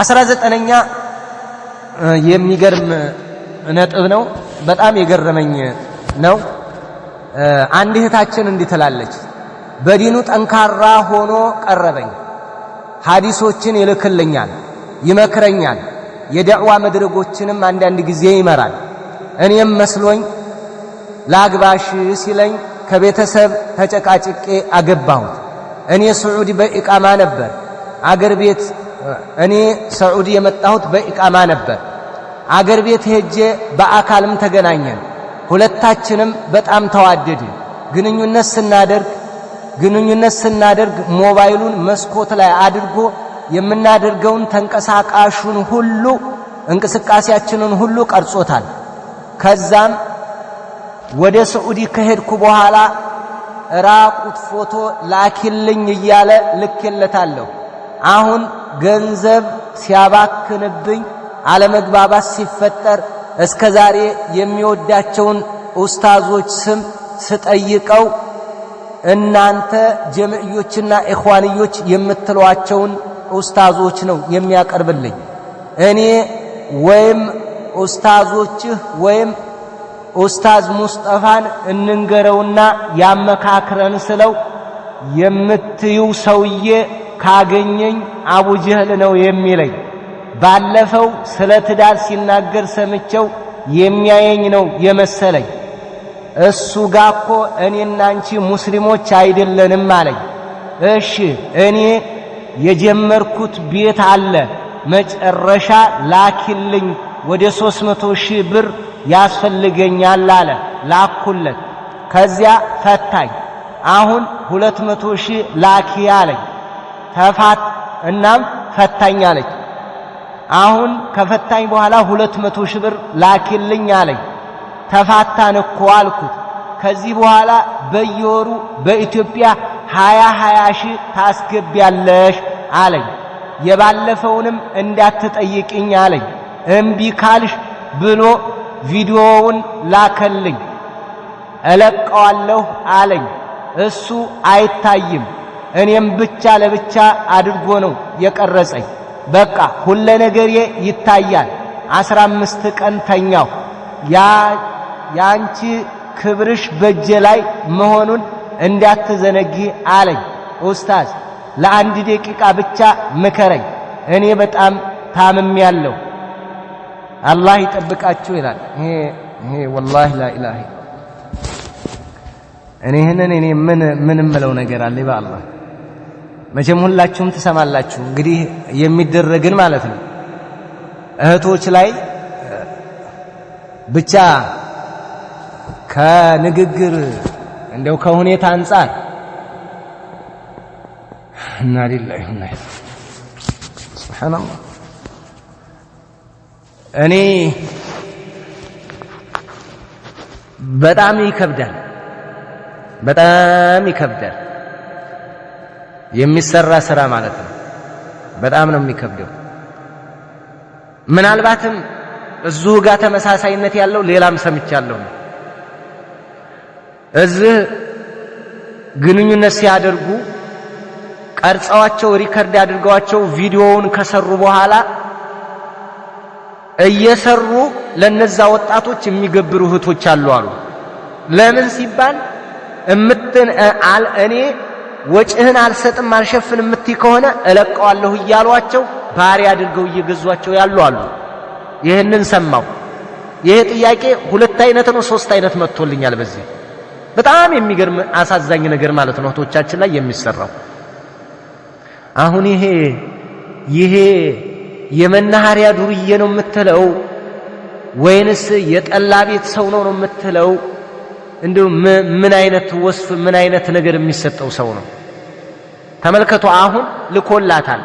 አስራ ዘጠነኛ የሚገርም ነጥብ ነው። በጣም የገረመኝ ነው። አንድ እህታችን እንዲህ ትላለች፣ በዲኑ ጠንካራ ሆኖ ቀረበኝ። ሐዲሶችን ይልክልኛል፣ ይመክረኛል፣ የዳዕዋ መድረጎችንም አንዳንድ ጊዜ ይመራል። እኔም መስሎኝ ላግባሽ ሲለኝ ከቤተሰብ ተጨቃጭቄ አገባሁት። እኔ ስዑድ በኢቃማ ነበር አገር ቤት እኔ ሰዑዲ የመጣሁት በኢቃማ ነበር። አገር ቤት ሄጄ በአካልም ተገናኘን። ሁለታችንም በጣም ተዋደድ። ግንኙነት ስናደርግ ግንኙነት ስናደርግ ሞባይሉን መስኮት ላይ አድርጎ የምናደርገውን ተንቀሳቃሹን ሁሉ እንቅስቃሴያችንን ሁሉ ቀርጾታል። ከዛም ወደ ሰዑዲ ከሄድኩ በኋላ ራቁት ፎቶ ላኪልኝ እያለ ልኬለታለሁ አሁን ገንዘብ ሲያባክንብኝ፣ አለመግባባት ሲፈጠር እስከ ዛሬ የሚወዳቸውን ኡስታዞች ስም ስጠይቀው እናንተ ጀምዕዮችና ኢኽዋንዮች የምትሏቸውን ኡስታዞች ነው የሚያቀርብልኝ። እኔ ወይም ኡስታዞችህ ወይም ኡስታዝ ሙስጠፋን እንንገረውና ያመካክረን ስለው የምትዩ ሰውዬ ካገኘኝ አቡጀህል ነው የሚለኝ። ባለፈው ስለ ትዳር ሲናገር ሰምቸው የሚያየኝ ነው የመሰለኝ። እሱ ጋ እኮ እኔና አንቺ ሙስሊሞች አይደለንም አለኝ። እሺ እኔ የጀመርኩት ቤት አለ መጨረሻ ላኪልኝ ወደ ሦስት መቶ ሺህ ብር ያስፈልገኛል አለ። ላኩለት። ከዚያ ፈታኝ። አሁን ሁለት መቶ ሺህ ላኪ አለኝ። ተፋት እናም ፈታኝ አለች። አሁን ከፈታኝ በኋላ ሁለት መቶ ሺህ ብር ላኪልኝ አለኝ። ተፋታን እኮ አልኩት። ከዚህ በኋላ በየወሩ በኢትዮጵያ ሃያ ሃያ ሺህ ታስገቢያለሽ አለኝ። የባለፈውንም እንዳትጠይቅኝ አለኝ። እምቢ ካልሽ ብሎ ቪዲዮውን ላከልኝ። እለቀዋለሁ አለኝ። እሱ አይታይም። እኔም ብቻ ለብቻ አድርጎ ነው የቀረጸኝ። በቃ ሁለ ነገሬ ይታያል። አስራ አምስት ቀን ተኛሁ። ያንቺ ክብርሽ በእጄ ላይ መሆኑን እንዳትዘነጊ አለኝ። ኡስታዝ ለአንድ ደቂቃ ብቻ ምከረኝ፣ እኔ በጣም ያለው አላህ ይጠብቃችሁ ይላል። ይሄ ወላሂ ላኢላህ እኔ ይህንን እኔ ምን ምን እምለው ነገር አለ በአላህ መቼም ሁላችሁም ትሰማላችሁ። እንግዲህ የሚደረግን ማለት ነው እህቶች ላይ ብቻ ከንግግር እንደው ከሁኔታ አንጻር እና ሊላሂ እና እኔ በጣም ይከብዳል፣ በጣም ይከብዳል። የሚሰራ ስራ ማለት ነው። በጣም ነው የሚከብደው። ምናልባትም እዚሁ ጋር ተመሳሳይነት ያለው ሌላም ሰምቻለሁ። እዚህ ግንኙነት ሲያደርጉ ቀርጸዋቸው ሪከርድ አድርገዋቸው ቪዲዮውን ከሰሩ በኋላ እየሰሩ ለነዛ ወጣቶች የሚገብሩ እህቶች አሉ አሉ። ለምን ሲባል እምትን እኔ ወጭህን አልሰጥም አልሸፍንም እምትይ ከሆነ እለቀዋለሁ እያሏቸው ባሪያ አድርገው እየገዟቸው ያሉ አሉ። ይህንን ሰማሁ። ይህ ጥያቄ ሁለት አይነት ነው፣ ሶስት አይነት መጥቶልኛል። በዚህ በጣም የሚገርም አሳዛኝ ነገር ማለት ነው እህቶቻችን ላይ የሚሰራው አሁን ይሄ ይሄ የመናኸሪያ ዱርዬ ነው የምትለው ወይንስ የጠላ ቤት ሰው ነው ነው የምትለው? እንዲሁ ምን አይነት ወስፍ ምን አይነት ነገር የሚሰጠው ሰው ነው? ተመልከቱ አሁን ልኮላታል።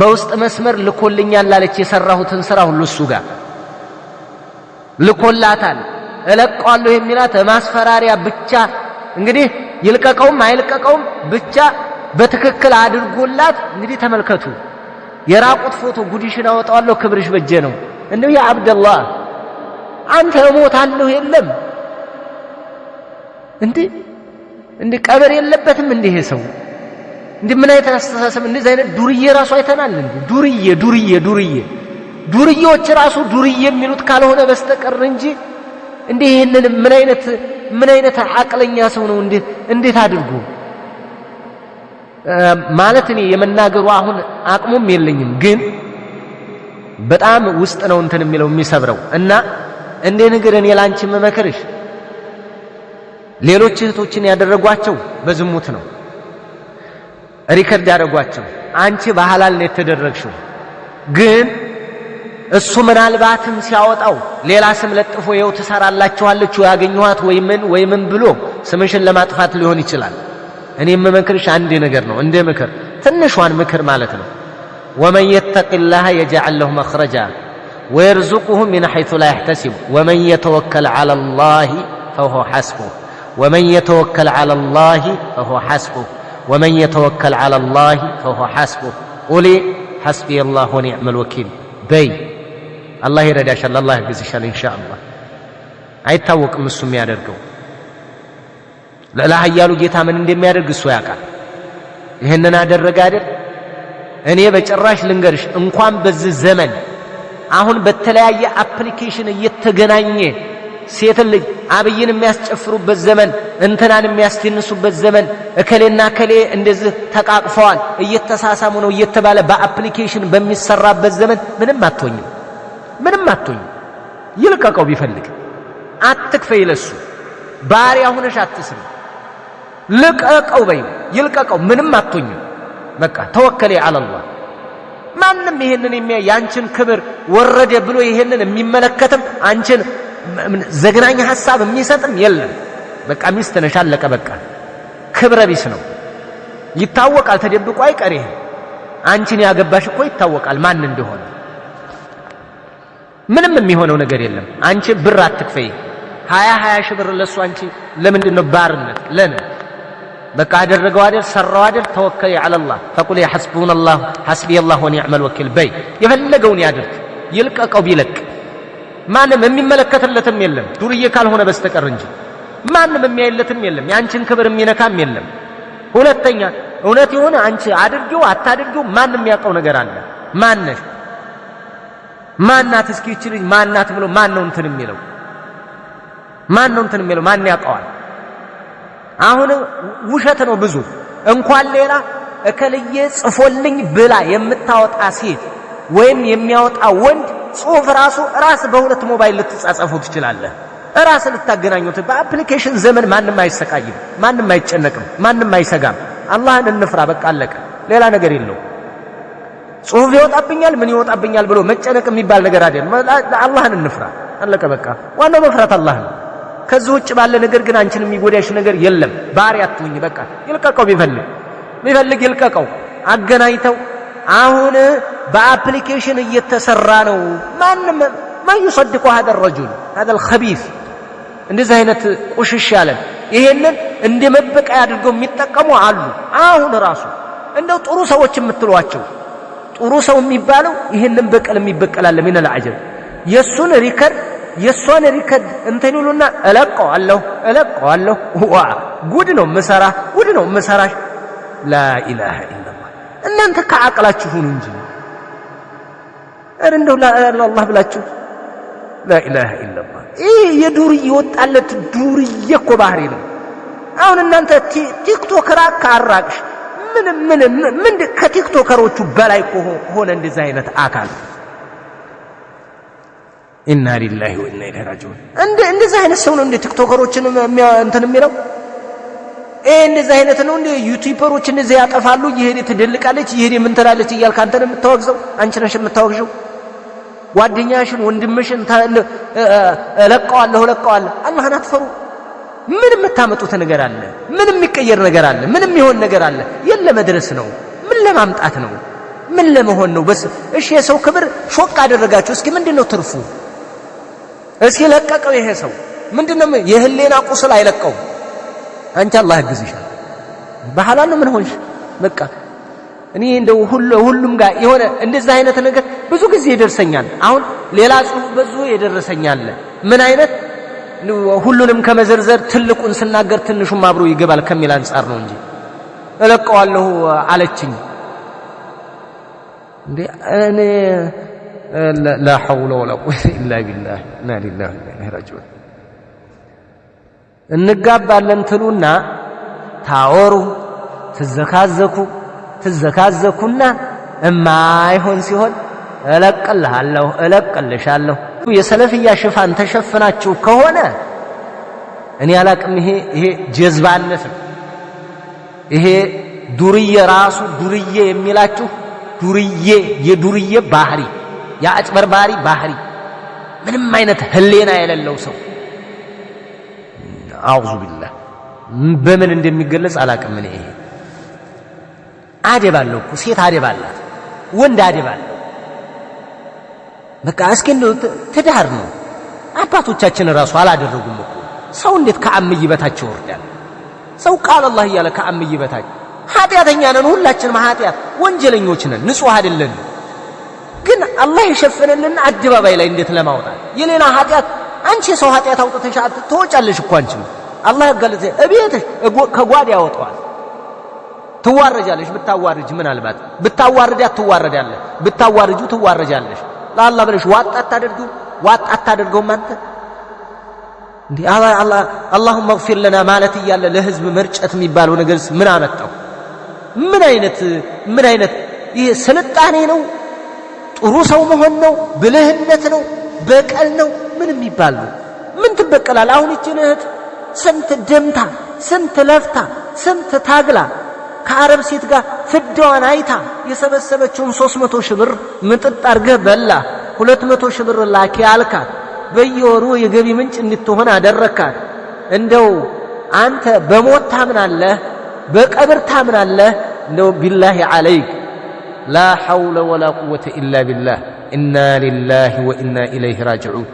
በውስጥ መስመር ልኮልኛል ላለች የሰራሁትን ስራ ሁሉ እሱ ጋር ልኮላታል። እለቀዋለሁ የሚላት ማስፈራሪያ ብቻ እንግዲህ ይልቀቀውም አይልቀቀውም ብቻ በትክክል አድርጎላት እንግዲህ ተመልከቱ። የራቁት ፎቶ ጉዲሽን አወጣዋለሁ ክብርሽ በጀ ነው። እንደው ያ አብደላህ አንተ እሞታለሁ የለም እንዴ እንዴ ቀብር የለበትም እንዲህ ሰው እንደ ምን አይነት አስተሳሰብ እንደዚህ አይነት ዱርዬ ራሱ አይተናል። እንዴ ዱርዬ ዱርዬ ዱርዬ ዱርዬዎች ራሱ ዱርዬ የሚሉት ካልሆነ በስተቀር እንጂ እንደ ይህንን ምን አይነት ምን አይነት አቅለኛ ሰው ነው? እንዴት አድርጎ ማለት እኔ የመናገሩ አሁን አቅሙም የለኝም፣ ግን በጣም ውስጥ ነው እንትን የሚለው የሚሰብረው እና እንዴ ነገር እኔ ላንቺ የምመክርሽ ሌሎች እህቶችን ያደረጓቸው በዝሙት ነው። ሪከርድ ያደረጓቸው አንቺ በሐላል ነው የተደረግሽው፣ ግን እሱ ምናልባትም ሲያወጣው ሌላ ስም ለጥፎ የው ትሰራላችኋለች ያገኘኋት ወይ ምን ወይ ምን ብሎ ስምሽን ለማጥፋት ሊሆን ይችላል። እኔ የምመክርሽ አንድ ነገር ነው፣ እንደ ምክር ትንሿን ምክር ማለት ነው። ወመን የተቂላህ የጀዐል ለሁ መኽረጃ ወየርዙቁሁ ሚን ሐይቱ ላ ያሕተሲቡ ወመን የተወከል ዐለላሂ ፈሁወ ሐስቡህ ወመን የተወከል ዐለላሂ ፈሁወ ሐስቡህ ወመን የተወከል ዓላ ላህ ፈሁወ ሐስቡህ ቁሊ ሐስቢየ ላህ ወኒዕመል ወኪል በይ። አላህ ይረዳሻል፣ አላህ ያግዝሻል። ኢንሻአላህ አይታወቅም እሱ የሚያደርገው ልዕለ ኃያሉ ጌታ ምን እንደሚያደርግ እሱ ያውቃል። ይህንን አደረገ አይደል? እኔ በጭራሽ ልንገርሽ እንኳን በዚህ ዘመን አሁን በተለያየ አፕሊኬሽን እየተገናኘ ሴትን ልጅ አብይን የሚያስጨፍሩበት ዘመን፣ እንትናን የሚያስደንሱበት ዘመን፣ እከሌና እከሌ እንደዚህ ተቃቅፈዋል እየተሳሳሙ ነው እየተባለ በአፕሊኬሽን በሚሰራበት ዘመን ምንም አትሆኝም፣ ምንም አትሆኝም። ይልቀቀው ቢፈልግ አትክፈ ይለሱ ባሪያ ሁነሽ አትስም፣ ልቀቀው በይ፣ ይልቀቀው። ምንም አትሆኝም። በቃ ተወከለ አለላህ ማንም ይሄንን የሚያይ የአንችን ክብር ወረደ ብሎ ይሄንን የሚመለከትም አንችን ዘግናኝ ሐሳብ የሚሰጥም የለም። በቃ ሚስት ነሽ አለቀ በቃ። ክብረ ቢስ ነው ይታወቃል። ተደብቆ አይቀር። ይሄ አንቺን ያገባሽ እኮ ይታወቃል ማን እንደሆነ። ምንም የሚሆነው ነገር የለም። አንቺ ብር አትክፈይ። ሀያ ሀያ ሺህ ብር ለሱ አንቺ ለምንድን ነው ባርነት? ለን በቃ አደረገው አይደል ሰራው አይደል ተወከለ አለላህ ፈቁል ሐስቢየላሁ ወኒዕመል ወኪል በይ። የፈለገውን ያድርግ ይልቀቀው ቢለቅ ማንም የሚመለከትለትም የለም ዱርዬ ካልሆነ በስተቀር እንጂ ማንም የሚያይለትም የለም። የአንችን ክብር የሚነካም የለም። ሁለተኛ እውነት የሆነ አንቺ አድርጊው አታድርጊው ማንም የሚያውቀው ነገር አለ። ማነሽ ማናት? እስኪ ይችልኝ ማናት ብሎ ማን ነው እንትን የሚለው? ማን ነው እንትን የሚለው? ማን ያውቀዋል? አሁን ውሸት ነው ብዙ እንኳን ሌላ እከልዬ ጽፎልኝ ብላ የምታወጣ ሴት ወይም የሚያወጣ ወንድ ጽሁፍ ራሱ ራስ በሁለት ሞባይል ልትጻጻፉ ትችላለህ። ራስ ልታገናኙት። በአፕሊኬሽን ዘመን ማንም አይሰቃይም፣ ማንም አይጨነቅም፣ ማንም አይሰጋም። አላህን እንፍራ። በቃ አለቀ። ሌላ ነገር የለው። ጽሁፍ ይወጣብኛል ምን ይወጣብኛል ብሎ መጨነቅ የሚባል ነገር አይደለም። አላህን እንፍራ። አለቀ በቃ። ዋናው መፍራት አላህ ነው። ከዚህ ውጭ ባለ ነገር ግን አንቺን የሚጎዳሽ ነገር የለም። ባሪያ አትሁኝ። በቃ ይልቀቀው፣ ቢፈልግ ቢፈልግ ይልቀቀው። አገናኝተው አሁን በአፕሊኬሽን እየተሰራ ነው። ማንም ማን ይصدق هذا الرجل هذا الخبيث እንደዚህ አይነት ቁሽሽ ያለን ይሄንን እንደ መበቀያ አድርገው የሚጠቀሙ አሉ። አሁን ራሱ እንደው ጥሩ ሰዎች የምትሏቸው ጥሩ ሰው የሚባለው ይሄንን በቀል የሚበቀላለ ምን አልዓጀብ የሱን ሪከርድ የሷን ሪከርድ እንትን ይሉና እለቀዋለሁ እለቀዋለሁ ዋ ጉድ ነው ምሰራ ጉድ ነው ምሰራሽ ላ ኢላሃ ኢላ እናንተ ከአቅላችሁ ሁኑ እንጂ ኧረ እንደው ለአላህ ብላችሁ ላኢላሃ ኢለላህ። ይህ የዱርዬ ወጣለት ዱርዬ እኮ ባህሪ ነው። አሁን እናንተ ቲክቶከር ካራቅሽ ምን ምን ምን ከቲክቶከሮቹ በላይ ሆነ እንደዚህ አይነት አካል። ኢና ሊላሂ ወኢና ኢለይሂ ራጂዑን። እንደዚህ አይነት ሰው ነው እንደ ቲክቶከሮችን እንትን የሚለው ይሄ እንደዚህ አይነት ነው እንዴ? ዩቲዩበሮች እንደዚህ ያጠፋሉ። ይሄኔ ትደልቃለች፣ ይሄኔ ምን ትላለች እያልክ አንተን የምታወግዘው አንቺ ነሽ የምታወግዘው። ጓደኛሽን ወንድምሽን እለቀዋለሁ እለቀዋለሁ አላህን አትፈሩ። ምን የምታመጡት ነገር አለ? ምን የሚቀየር ነገር አለ? ምን የሚሆን ነገር አለ? የት ለመድረስ ነው? ምን ለማምጣት ነው? ምን ለመሆን ነው? በስ እሺ፣ የሰው ክብር ሾቅ አደረጋችሁ። እስኪ ምንድን ነው ትርፉ? እስኪ ለቀቀው ይሄ ሰው ምንድን የህሌና ቁስል አይለቀውም። አንቺ አላህ ያግዝሻል። በሐላል ምን ሆንሽ በቃ እኔ እንደው ሁሉም ጋር የሆነ እንደዚህ አይነት ነገር ብዙ ጊዜ ይደርሰኛል። አሁን ሌላ ጽሁፍ ብዙ የደረሰኛል። ምን አይነት ሁሉንም ከመዘርዘር ትልቁን ስናገር ትንሹም አብሮ ይገባል ከሚል አንጻር ነው እንጂ እለቀዋለሁ አለችኝ። እንዴ እኔ ላ ሐውለ ወላ ቁወተ ኢላ ቢላህ ኢና ሊላሂ ወኢና ኢለይሂ ራጂዑን እንጋባለን ትሉና ታወሩ፣ ትዘካዘኩ ትዘካዘኩና እማይሆን ሲሆን እለቅልሃለሁ እለቅልሻለሁ። የሰለፍያ ሽፋን ተሸፍናችሁ ከሆነ እኔ አላቅም። ይሄ ይሄ ጀዝባነት ነው። ይሄ ዱርዬ ራሱ ዱርዬ የሚላችሁ ዱርዬ የዱርዬ ባህሪ የአጭበርባሪ ባህሪ ምንም አይነት ህሌና የሌለው ሰው አዑዙ ቢላህ በምን እንደሚገለጽ አላቅም። እኔ ይሄ አደብ አለው እኮ ሴት አደብ አላት፣ ወንድ አደብ አለው። በቃ እስኪ እንደው ትዳር ነው። አባቶቻችን እራሱ አላደረጉም እኮ ሰው እንዴት ከአምይ በታች ይወርዳል? ሰው ቃል አላህ እያለ ከአምይ በታች ኃጢአተኛ ነን ሁላችንም፣ ኃጢአት ወንጀለኞች ነን፣ ንጹህ አይደለን። ግን አላህ የሸፈነልን አደባባይ ላይ እንዴት ለማውጣት የሌላ ኃጢአት አንቺ የሰው ኃጢአት አውጥተሽ ትወጫለሽ እኮ አንቺ አላህ ያጋለጠ እቤትሽ ከጓድ ያወጣዋል። ትዋረጃለሽ። ብታዋርጅ ምናልባት ብታዋርዳት ትዋረዳለሽ፣ ብታዋርጁ ትዋረጃለሽ። ለአላህ ብለሽ ዋጣ አታደርጊው፣ ዋጣ አታደርገውም አንተ እንዴ አላሁመ እግፊር ለና ማለት እያለ ለህዝብ መርጨት የሚባለው ነገርስ ምን አመጣው? ምን አይነት ምን አይነት ይሄ ስልጣኔ ነው? ጥሩ ሰው መሆን ነው? ብልህነት ነው? በቀል ነው? ምን የሚባል ነው? ምን ትበቀላል? አሁን ይችን እህት ስንት ደምታ፣ ስንት ለፍታ፣ ስንት ታግላ ከአረብ ሴት ጋር ፍዳዋን አይታ የሰበሰበችውን ሶስት መቶ ሺህ ብር ምጥጥ አድርገህ በላ። ሁለት መቶ ሺህ ብር ላኪ አልካት። በየወሩ የገቢ ምንጭ እንድትሆን አደረካት። እንደው አንተ በሞት ታምናለህ፣ በቀብር ታምናለህ። እንደው ቢላሂ ዓለይክ ላ ሐውለ ወላ ቁወተ ኢላ ቢላህ ኢና ሊላሂ ወኢና ኢለይህ ራጅዑን